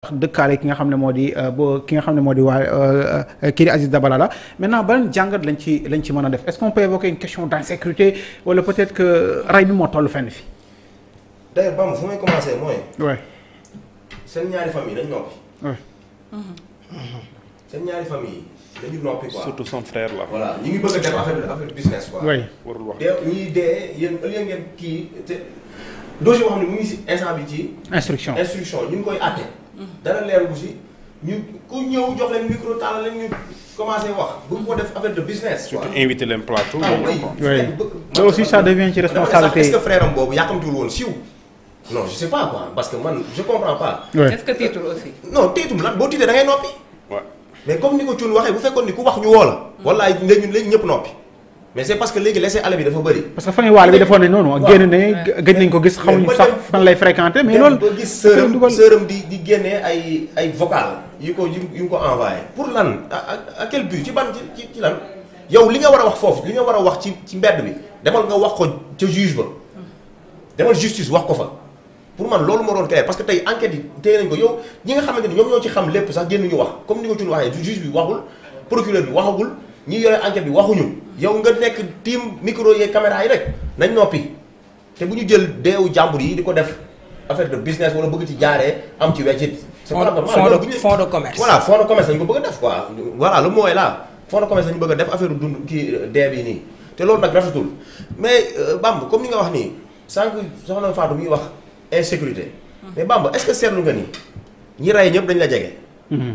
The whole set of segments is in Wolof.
dëkkaale ki nga xam ne moo di euh, bo ki nga xam ne moo di waa euh, euh, kii di Aziz la maintenant ban jàngat lañ ci lañ ci mën def est-ce qu'on peut évoquer wala peut-être que ray bi moo toll fenn fi d'ailleurs Bam fu seen ñaari famille dañ noppi seen ñaari famille dañu noppi quoi surtout son frère la voilà ñu ngi bëgg dee yéen ëllëg ngeen kii te dossier boo xam ne mu ngi si instruction instruction ñu ngi koy àtte dara leerlu si ñu ku ñëw jox leen micro tàll leen ñu commencé wax bu ko def affaire de business. surtout invité leen plateau. que boobu yàkkamtiwul woon siiw. non je sais pas quoi parce que man je comprends pas. que tiitul aussi. non boo tiitee da ngay noppi. mais comme ni ko Thioune waxee bu fekkoon ni ku wax ñu woo la. Mm. walaay ñun léegi ñëpp noppi. mais c'est parce que léegi laisser aller bi dafa bëri. parce que fan yi waale bi defoon nañ noonu. génn ne gëj nañ ko gis. xamuñu sax fan lay fréquenter mais loolu. di di génne ay ay vocal yu ko ko envoyé. pour lan à quel ci ban lan yow li nga war a wax foofu li nga war a wax ci ci mbedd bi demal nga wax ko ca juge ba demal justice wax ko fa pour man loolu moo doon clair parce que tey enquête yi téye nañ ko yow ñi nga xamante ni ñoom ñoo ci xam lépp sax génn ñu wax comme ni ko Thioune waxee juge bi waxul procureur bi waxagul. ñu yore enquête bi waxuñu yow nga nekk tiim micro yee caméra yi rek nañ noppi te bu ñu jël deewu jàmbur yi di ko def affaire de business wala bëgg ci jaaree am ci weccit. c'est pas normal fond de commerce. voilà fond de commerce lañu ko bëgg a def quoi voilà le mot est là fond de commerce lañu bëgg a def affaire dund kii euh, dee bi nii te loolu nag rafetul mais euh, Bamb comme ni nga wax nii sànq soxna Fatou muy wax insécurité. Hmm. mais Bamb est-ce que seetlu nga ni ñi rey ñëpp dañ la jege. Hmm.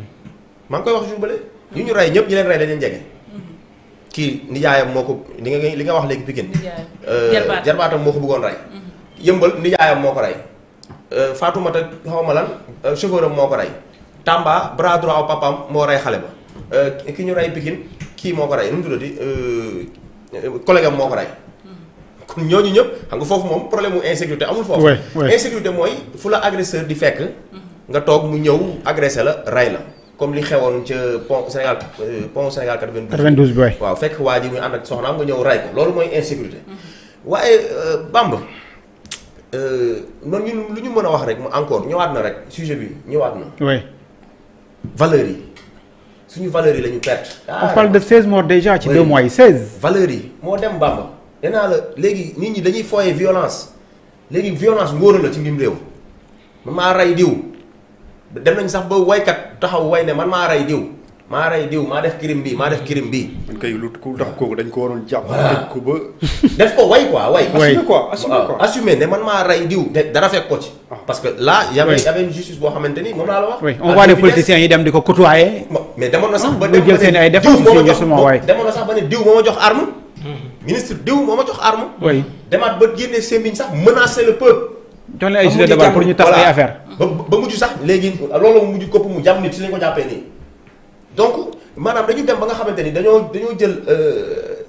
maa ngi koy wax suñu bële. ñu ñu rey ñëpp ñi leen rey dañ jege. kii nijaayam moo ko li nga li nga wax léegi Pikine euh, jarbaatam moo ko bëggoon rey mhm. yëmbal nijaayam moo ko rey euh, Fatoumata xaw ma lan euh, chauffeur am moo ko rey Tamba bras droit wu papaam moo rey xale ba ki ñu rey Pikine kii moo ko rey nu mu tuddati collègue am moo ko rey mhm. kon ñooñu ñëpp xam nga foofu moom problème mu insécurité amul foofu insécurité mooy fu la agresseur di fekk mhm. nga toog mu ñëw agressé la rey la comme li xewoon ca pont Sénégal euh, pont Sénégal 92. 92 booy waaw fekk waa ji muy ànd ak soxnaam nga ñëw ray ko loolu mooy insécurité. waaye euh, Bamba euh, noonu ñun lu ñu mën a wax rek mu encore ñëwaat na rek sujet bi ñëwaat na. oui valeurs yi suñu valeur yi la ñu perte. on parle de 16 morts déjà ci 2 mois yi 16. valeurs yi moo dem Bamba nee naa la léegi nit ñi dañuy fooyee violence léegi violence ngóor la ci mbir réew ma maa rey diw dem nañ sax ba waykat. taxaw way ne man maa rey diw maa rey diw maa def crime bi maa def crime bi man dañ ko waroon jàpp def ko ba def ko way quoi way assumer quoi ne man maa rey diw te dara fekk ko ci ah. parce que là y avait y justice boo xamante ni moom laa la wax oui on voit les yi dem di ko côtoyer mais demoon ah, sax ba dem jël sax ne diw moo ma jox arme hmm. ministre diw moo ma jox arme demaat ba génnee seen biñ sax menacer le peuple jox leen ay gilet de pour ñu tas ay affaire ba ba mujj sax léegi loolu mu mujj kopp mu jàmm nit si lañ ko jàppee nii. donc maanaam dañu dem ba nga xamante ni dañoo dañoo jël euh,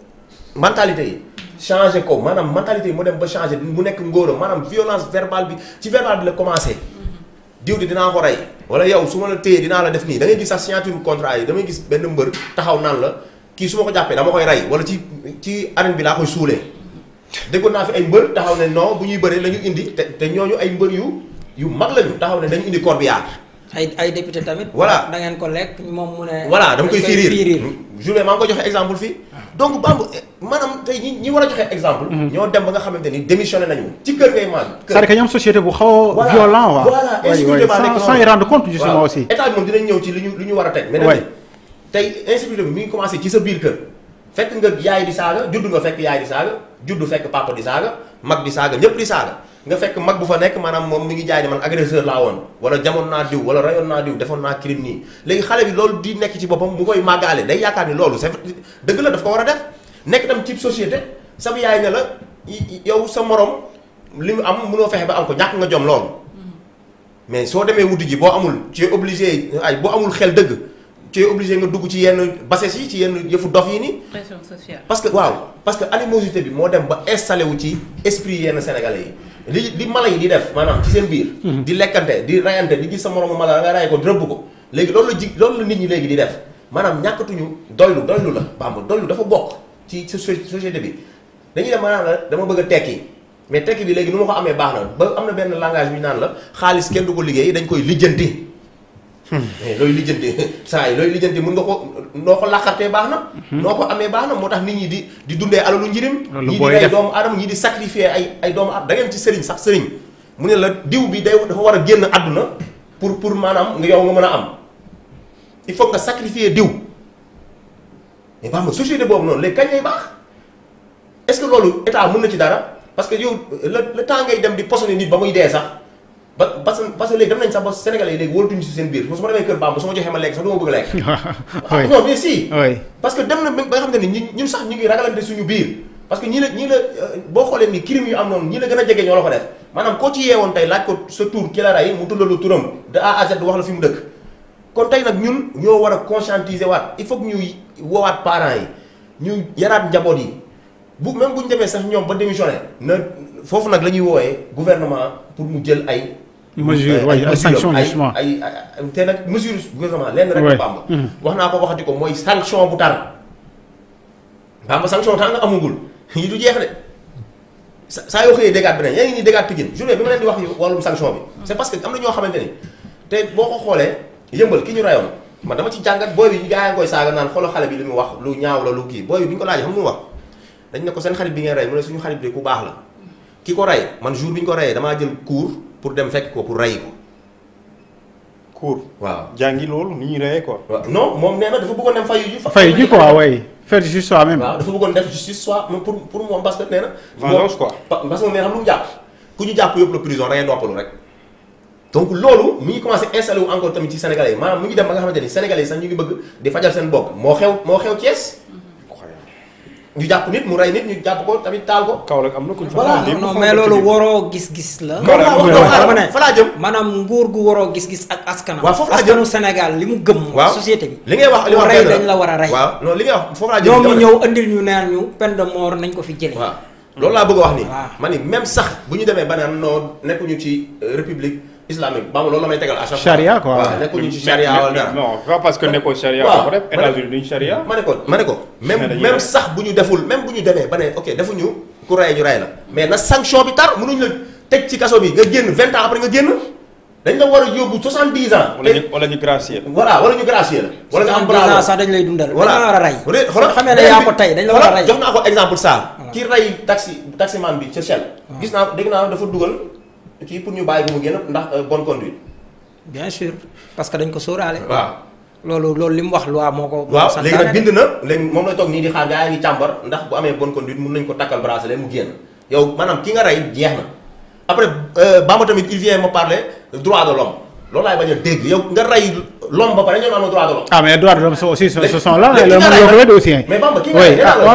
mentalité yi changé ko maanaam mentalité yi dem ba changé mu nekk ngóor maanaam violence verbale bi ci verbal la commencé. diw di dinaa ko rey wala yow su ma la téyee dinaa la def nii da ngay gis sax signature contrat yi damay gis benn mbër taxaw naan la kii su ma ko jàppee dama koy rey wala ci ci arène bi laa koy suulee déggoon naa fi ay mbër taxaw ne non bu ñuy bëree la indi te te ñooñu ay mbër yu. yu mag lañu taxaw ne dañu indi corbillard. ay ay député tamit. voilà da ngeen ko lekk moom mu ne. voilà dama koy firir journée maa ngi ko joxe exemple fii. Ah. donc bamb eh, maanaam tey ñi ñi war a joxe exemple. Mm-hmm. ñoo dem ba nga xamante ni démissionné nañu. ci kër ngay maanaam. kër cest xaw a. violent waaw moom dinañ ñëw ci li ñu li ñu war a teg. mais nag tey insécurité mi ngi commencé ci sa biir kër. fekk nga yaay di saaga juddu nga fekk yaay di saaga juddu fekk papa di saaga mag di saaga ñëpp di saaga nga fekk mag bu fa nekk maanaam moom mi ngi jaay ne man agresseur laa woon wala jamoon naa diw wala rayoon naa diw defoon naa crime nii léegi xale bi loolu di nekk ci boppam mu koy màggaale day yaakaar ni loolu c'est dëgg la daf ko war a def nekk tam ci société sama yaay ne la yow sa moroom li mu am mënoo fexe ba am ko ñàkk nga jom loolu mm-hmm. mais soo demee wuti ji boo amul tu es obligé ay boo amul xel dëgg tu es obligé nga dugg ci yenn bases yi ci yenn yëfu dof yi nii. pression sociale. parce que waaw parce que animosité bi moo dem ba installé wu ci esprit yenn sénégalais yi. li li mala yi di def maanaam ci seen biir. Mhm. di lekkante di rayante di gis sa moromu mala nga ray ko rëbb ko léegi loolu la ji loolu la nit ñi léegi di def maanaam ñàkkatuñu doylu doylu la bamba doylu dafa bokk ci société bi dañuy dem maanaam la dama bëgg tekki mais tekki bi léegi nu ma ko amee baax na ba am na benn langage bi naan la xaalis kenn du ko liggéey dañ koy lijjanti. mais looy lijjanti saa yi looy lijjanti mën nga ko noo ko laqartee baax na. Mhm. noo ko amee baax na moo tax nit ñi di di dundee alalu njirim. ñii di ay doomu aadama ñii di sacrifier ay ay doomu aadama da ngeen ci sëriñ sax sëriñ mu ne la diw bi day dafa war a génn àdduna pour pour maanaam nga yow nga mën a am il faut nga sacrifier diw mais baax na boobu noonu léegi kañ baax est-ce loolu état mën na ci dara parce que yow le le temps ngay dem di posone nit ba muy dee sax. ba parce que parce que léegi dem nañ sax ba Sénégalais yi léegi wóolatuñu si seen biir su ma demee kër Bamba su ma joxee ma lekk sax du bëgg lekk. Ah, si. parce que dem na ba nga xam ne ni ñun sax ñu ngi ragalante suñu biir. parce ñii la ñii la euh, boo xoolee ni crime yu am noonu ñii la gën a jege ñoo la ko def maanaam koo ci yeewoon tey laaj ko sa tur ki la mu tuddalu turam de A tey nag ñun ñoo war a conscientiser waat il faut que woowaat parents yi ñu yaraat njaboot yi bu même bu ñu demee sax ñoom ba démissionné na foofu nag la ñuy woowee gouvernement pour mu jël ay. mesure waaye ay sanction lenn rek la bàmba mm-hmm. wax naa ko waxati ko mooy sanction bu tar bàmba sanction tant nga amagul yi du jeex de saa yoo xëyee dégâts bi nañ yaa ngi nii dégâts Pikine journée bi ma leen di wax yow wàllum sanction bi mm. c'est parce que am na ñoo xamante ni te boo ko xoolee yëmbal ki ñu rayoon man dama ci jàngat booy bi gaa yi koy saaga naan xolo xale bi li mu wax lu ñaaw la lu kii booy bi bi ñu ko laajee xam lu mu wax dañ ne ko seen xarit suñu xarit bi ku baax la ko rey man jour bi ñu ko reyee damaa jël cours pour dem fekk ko pour rey ko. cour waaw jàngi loolu ni ñuy reyee quoi. non moom nee dafa bëggoon dem fayu ji. fayu ji quoi way faire justice soi même. waaw dafa bëggoon def justice soi pour moom parce que nee na. vengeance quoi parce que nee na xam lu mu jàpp ku ñu jàpp yóbbu prison rey noppalu rek. donc loolu mi ngi commencé installé wu encore tamit ci Sénégalais yi maanaam mu ngi dem ba nga xamante ni Sénégalais yi sax ñu ngi bëgg di fajal seen bopp moo xew moo xew ñu jàpp nit mu rey nit ñu jàpp ko tamit taal ko. kaw rek am na ku ñu fa non mais loolu waroo gis-gis la. fa laa jëm maanaam nguur gu waroo gis-gis ak askanam. waaw foofu laa jëm askanu Sénégal li mu gëm. waaw société bi. li ngay wax li wax rey dañ la war a rey. waaw non li ngay wax foofu laa jëm. ñoom ñu ñëw andil ñu neen ñu pen de mort nañ ko fi jëlee. waaw loolu laa bëgg a wax nii. waaw ma ni même sax bu ñu demee ba naan nekkuñu ci euh, république islamique ba loolu la may tegal à chaque fois. charia quoi waaw nekkuñu ci charia wala dara. non pas parce que nekkoo charia. waaw États-Unis duñ charia. ma ne ko ma ne ko même même sax bu ñu deful même bu ñu demee ba ne ok defuñu ku rey ñu rey la mais na sanction bi tar mënuñ la teg ci kaso bi nga génn vingt ans après nga génn. dañ la war a yóbbu soixante-dix ans. wala ñu wala ñu gracier la. voilà wala ñu gracier la. wala nga am bravo sax dañ lay dundal. voilà dañ la war a rey. xoolal xamee ne yaa ko tey dañ la war a rey. jox naa ko exemple Sarr. ki rey taxi taximan bi ca Shell. Ah. gis naa dégg naa dafa dugal kii pour ñu bàyyi mu génn ndax euh, bonne conduite. bien sûr parce que dañ ko sóoraale. waaw loolu loolu li mu wax loi moo ko. waaw léegi nag bind na léegi moom la toog nii di xaar gaa yi càmbar ndax bu amee bonne conduite mun nañ ko takkal bracelet mu génn yow maanaam ki nga rey jeex na après euh, Bamba tamit il vient ma parler droit de l'homme loolu laay bañ a dégg yow nga rey. l'homme ba pare ñoom am droit de l'homme. ah droit de l'homme aussi ce sont là le monde aussi. mais Bamba ki nga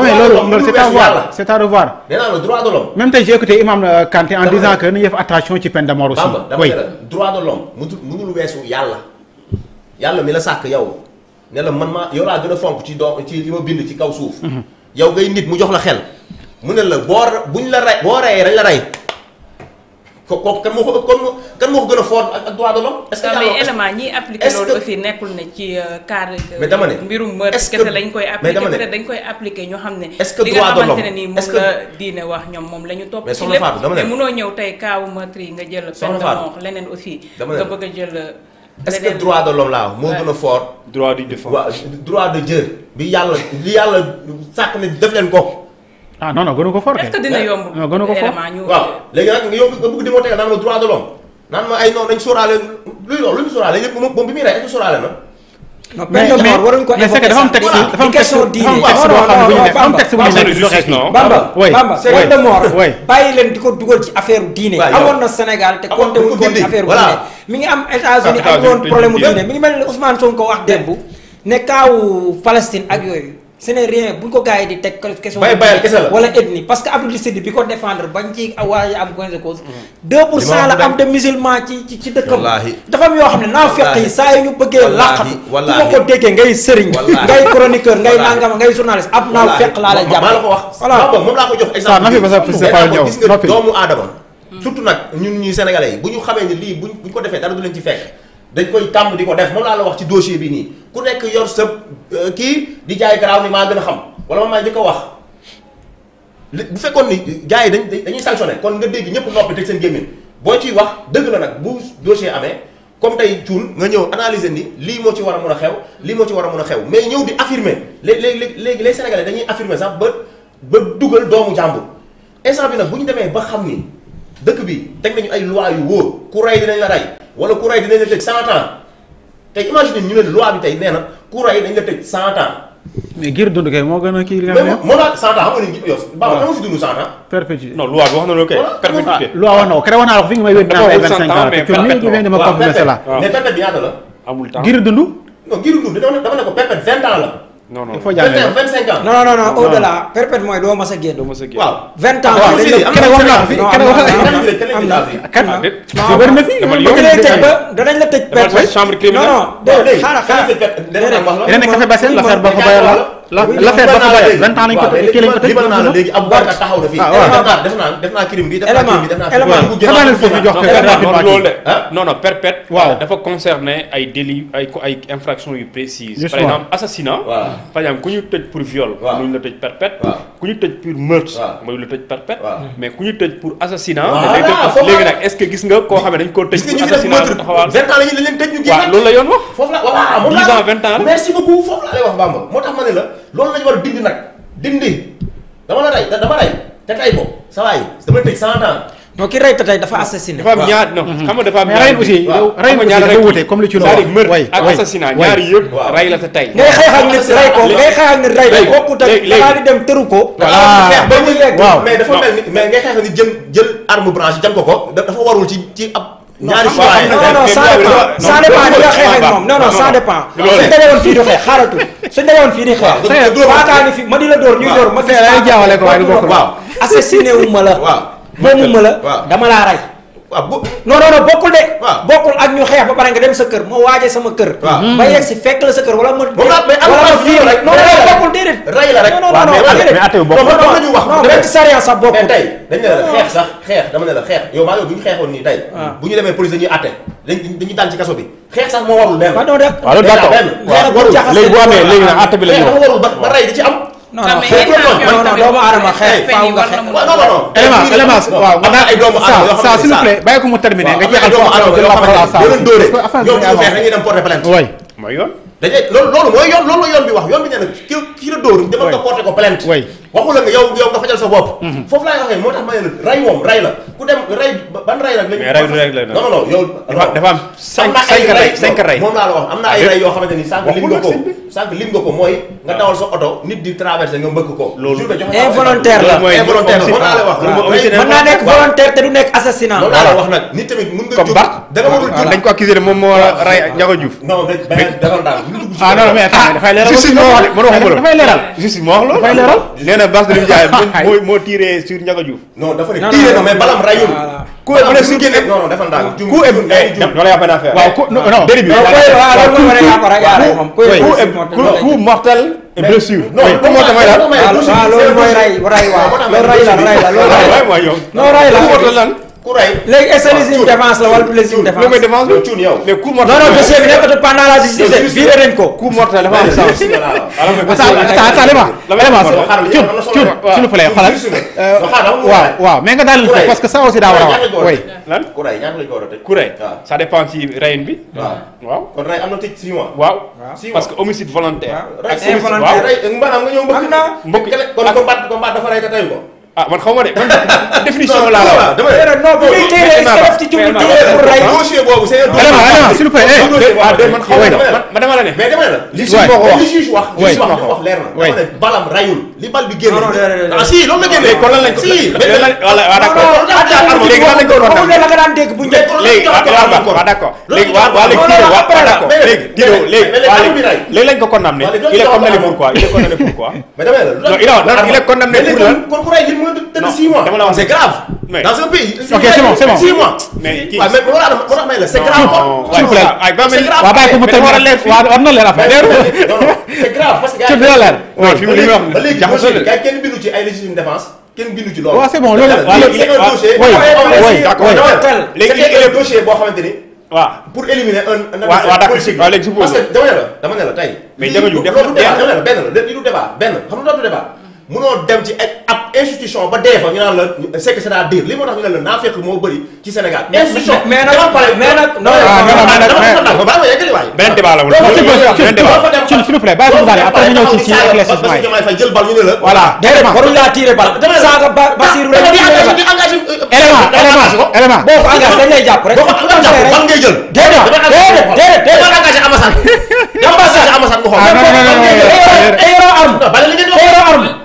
mais loolu loolu c'est la droit de l'homme. weesu yàlla yàlla mi la sàkk yow ne la man maa yow laa gën a fonk ci doo ci li ma bind ci kaw suuf. Mhm. yow ngay nit mu jox la xel mu ne la boo buñ la rey boo reyee dañ la rey ko kooku kan moo ko kon kan moo ko gën a fort ak droit de l'homme euh, ñoo xam ne est-ce que droit de l'homme ni moom dama ne mënoo ñëw jël peine de mort leneen aussi nga bëgg a jël euh, est-ce que droit de l'homme laa wax moo gën a fort droit de Dieu bi yàlla li yàlla sàkk ne def leen ko ah non non gënu ko fort est ko fort waaw léegi nag nga yomb di moo tegal naan droit de l'homme naan ma ay non dañ sóoraale luy loolu lu ñu sóoraale yëpp moom bi muy rey est-ce que sóoraale na. non mais mais am texte dafa leen di ko dugal ci affaire diine amoon na Sénégal te compté am États-Unis ngi mel ni Ousmane Sonko wax démb ne kaawu Palestine ak yooyu ce n'est rien bu ñu ko gars yi di teg question wala ethnie parce que Afrique du Sud bi ko défendre bañ ci waaye am gain de cause mm-hmm. deux la am de musulman ci ci ci dëkkam dafa am yoo xam ne naafeq yi saa yi ñu bëggee làqat ku ko déggee ngay sëriñ ngay chroniqueur ngay nangam ngay journaliste ab naafeq laa la jàpp maa la ko wax moom laa ko jox exemple gis nga doomu aadama mm. surtout nag ñun ñuy sénégalais yi bu ñu dañ koy tàmm di ko def moom laa la wax ci dossier bi nii ku nekk yor sa euh, kii di jaay garaaw ni maa gën a xam wala maa di ko wax bu fekkoon ni gars yi dañ dañuy sanctionné kon nga dégg ñëpp noppi teg seen gémmiñ boo ciy wax dëgg la nag bu dossier amee comme tey cuun nga ñëw analyser ni lii moo ci war a mën a xew lii moo ci war a mën a xew mais ñëw di affirmer léeg-léeg léegi les sénégalais dañuy affirmer sax ba ba dugal doomu jàmbur instant bi nag bu ñu demee ba xam ni. dëkk bi teg nañu ay loi yu wóor ku rey dinañ la rey wala ku rey dinañ la tëj cent ans tey imagine ñu ne loi bi tey nee na ku rey dañ la teg cent ans. mais ngir kay moo gën a kii. li nga xam ne mais moo la cent bi wax na loolu kay. perpétuité loi wax na ko créé woon naa la ko fi nga nii ngeen di ma confirmer cela. mais perpétuité ñaata la. dama ne ko perpétuité vingt ans la. non non vingt cinq ans. non non non au delà perpète mooy doo mas a génn. doo mas a génn waaw vingt ans. waaw fii am na fi am na fi kan la. ba danañ la tëj perpète. chambre criminelle non non déedéet xaaral xaaral déedéet. la la fee ba fa bëri vingt ans lañ ko kii lañ ko tëj. waaw léegi ab war ah, taxaw na fii. def naa def naa crime bi def naa crime bi def naa. élément élément foofu jox ko loolu de ah? non non perpète. waaw dafa concerner ay délits ay ay infractions yu précises. par exemple assassinat. par exemple ku ñu tëj pour viol. waaw ñu la tëj perpète. ku ñu tëj pour meurtre. mooy lu tëj perpète. mais ku ñu tëj pour assassinat. waaw léegi nag est-ce que gis nga koo xam ne dañ koo tëj. pour assassinat taxawaal gis nga ans la ñu leen tëj ñu génn. waaw loolu la yoon wax. a dindi nag dindi dama la rey dama rey te tey ko saa waay dama tëj 100 ans non ki rey tey dafa assassiné. dafa am ñaar non mm-hmm. xam nga dafa am ñaar aussi yow rey yëpp rey la ta ngay xeexal nit rey ko ngay xeexal nit rey ko bokkut ak dafa di dem ah. ko ko ko dafa warul ci ci ab ñaari choix non non ça dépend ça dépend di nga xeex ak moom non non ça fii di xeex xaaratu suñ dajewoon fii di xeex ma di la dóor ñuy dóor ma fi jaawale ko waaye du bokk waaw assassiné ma la moomu ma la dama laa rey waaw bu non non non bokkul de. bokkul ak ñu xeex ba pare nga dem sa kër ma waajee sama kër. waaw mm-hmm. ba yegg si fekk la sa kër wala ma. wala ma fii rek non wax non sax bokkul. mais tey dañ xeex sax xeex dama ne la xeex yow maa bu ñu xeexoon nii tey. Ah. bu ñu demee police dañuy atte dañuy dañuy daan ci kaso bi xeex sax moo warul benn. waaw non non d'accord léegi bu amee ba rey di ci am non non doomu aadama xeex faaw nga xeex élément élément waaw nga daal saa s'il vous plaît bàyyi ko mu terminer nga jeexal loolu loolu loolu yoon bi wax yoon bi nee na ki ki la dóor demal nga porter ko waxu la nga yow yow nga fajal sa bopp. Mhm. foofu laay waxee moo tax ma na ay rey ah, yoo ni sànq lim ko sànq lim ah. di traversé ko. loolu involontaire la involontaire la laa la wax. mën naa nekk volontaire te du nekk assassinat. loolu laa la wax nag nit tamit mën nga jóg da nga warul ah, jóg dañ ko accusé moom moo rey ak Ndiaga Diouf. non mais dafay leeral. justice moo wax loolu na Bassirou Ndiaye moo moo tiré sur Ndiaga Diouf. non dafa ne tiré na mais balam rayul. ku bu ne surgé ne non non dafa ndànk. ku waaw ku non non. déedéet bi ku mortel et blessure. non ku mortel mooy lan. waaw loolu mooy ray ray waaw loolu ray la ray la loolu ray la. non ray la ku rey léegi est-ce que ah, légitime défense la wala légitime défense. loolu mooy défense bi cuun yow. non non dossier bi nekkatu pendant la justice viré nañ ko. coup mortel dafa am waaw waaw mais nga daal ko parce que ça aussi daa war a wax. oui lan ku rey ñaata lañ ko war a tëj. ku waaw kon rey am na parce que homicide volontaire. ak homicide waaw rey involontaire nga ñëw mbëkk. ah man xaw ma de man définition laa la wax. dama ne non bi muy téere def ci jublu téere pour rey. dossier boobu c'est un dossier. s'il vous plaît eh, ah, man xaw ma dama la ne. mais dama ne la. li juge moo ko wax li juge wax. li wax wax leer na. dama ne balam rayul. li bal bi génn. ah si loolu la génne. kon lan lañ ko si. wala d'accord léegi lan lañ ko doon def nga daan dégg bu njëkk léegi waaw ah, d'accord léegi waaw waaw léegi Diddo waaw d'accord léegi Diddo léegi waaw léegi lañ ko condamné il est condamné pour quoi il est condamné pour quoi non il est condamné pour lan kon ku rey nit mën na tëdd six mois dama la wax c'est grave dans un pays ok c'est bon c'est bon six mois mais waaw mais moo tax moo tax may la c'est grave s'il vous plaît waaw bàyyi ko mu tëj waaw am na leer affaire c'est grave parce que gars yi fi mu li muy wax jaxasoo la kenn bindu ci ay légitime défense kenn bindu ci loolu. waaw c'est bon loolu la léegi léegi léegi dossier boo xamante ni. waaw pour éliminer un. waaw waaw d'accord waaw léegi supposé parce que dama ne la dama ne la tey. mais dama ju def benn la benn la du débat benn xam nga dootu débat. mënoo dem ci ab institution ba dee fa ñu naan la c'est que cest naa fekk moo bëri ci Sénégal. institution mais nag mais nag non non non ba beneen débat la s'il vous plaît bàyyi ko Sané après ñu ñëw ci ci éclaircissement yi parce que jël bal ñu ne la. voilà déedéet waruñu laa tirer bal. saaga ba Bassirou la ñu élément élément boo ko engagé dañ lay jàpp rek. boo ko engagé bal ngay jël. déedéet déedéet déedéet engagé Amassane. Amassane nga xool. ah non non non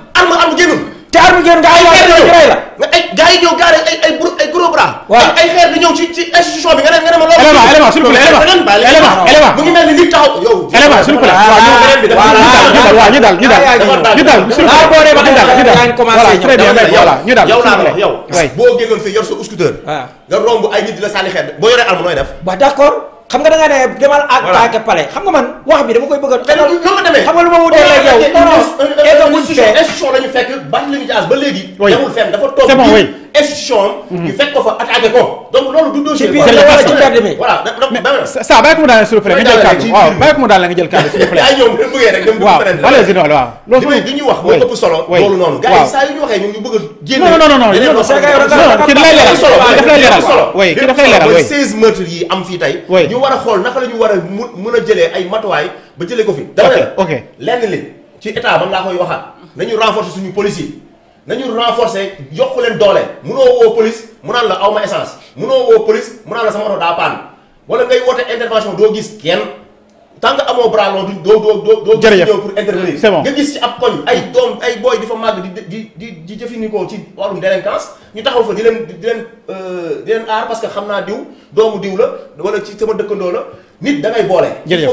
am ngeen nga ay xeer la mais ay gars yi ñëw gaare ay ay ay gros bras ay xeer di ñëw ci ci institution bi nga ne nga ne ma loolu élément élément s'il vous plaît élément élément mu ngi mel ni li taxaw yow élément s'il vous plaît waaw ñu daal ñu daal ñu daal ñu daal yow laa wax yow boo génnoon fii yor sa scooter nga romb ay nit di la sànni xeer boo yoree arme nooy def ba d'accord xam nga da nga ne demal attaqué palais xam nga man wax bi dama koy bëgg a. xam nga lu ma wutee ak yow. non non institution institution la ñu fekk Barthélémy Dias ba léegi. demul fenn dafa toog institution ñu fekk ko fa attaqué ko. donc loolu du dossier bi voilà bàyyi ko mu daal s'il nga jël kàddu waaw bàyyi ko mu solo. loolu noonu gars yi saa yu ñu waxee ñun ñu bëgg a. génn non non non non kii daf lay leeral daf lay leeral oui kii daf leeral oui. 16 meurtres yi am fii tey. ñu war a xool naka la ñu a a jëlee ay ba jëlee ko fi. dama ne la suñu police nañu renforcer yokk leen doole munoo woo police mu la aw ma essence munoo woo police mu naan la sama oto daa paan wala ngay woote intervention doo gis kenn tant que amoo bras long duñ doo doo doo. jërëjëf ñëw pour intervenir. c'est bon nga gis ci ab koñ ay doom ay booy di fa màgg di di di di jëfandikoo ci wàllum délinquance ñu taxaw fa di leen di leen euh, di leen aar parce que xam naa diw doomu diw la wala ci sama dëkkandoo la nit da ngay boole.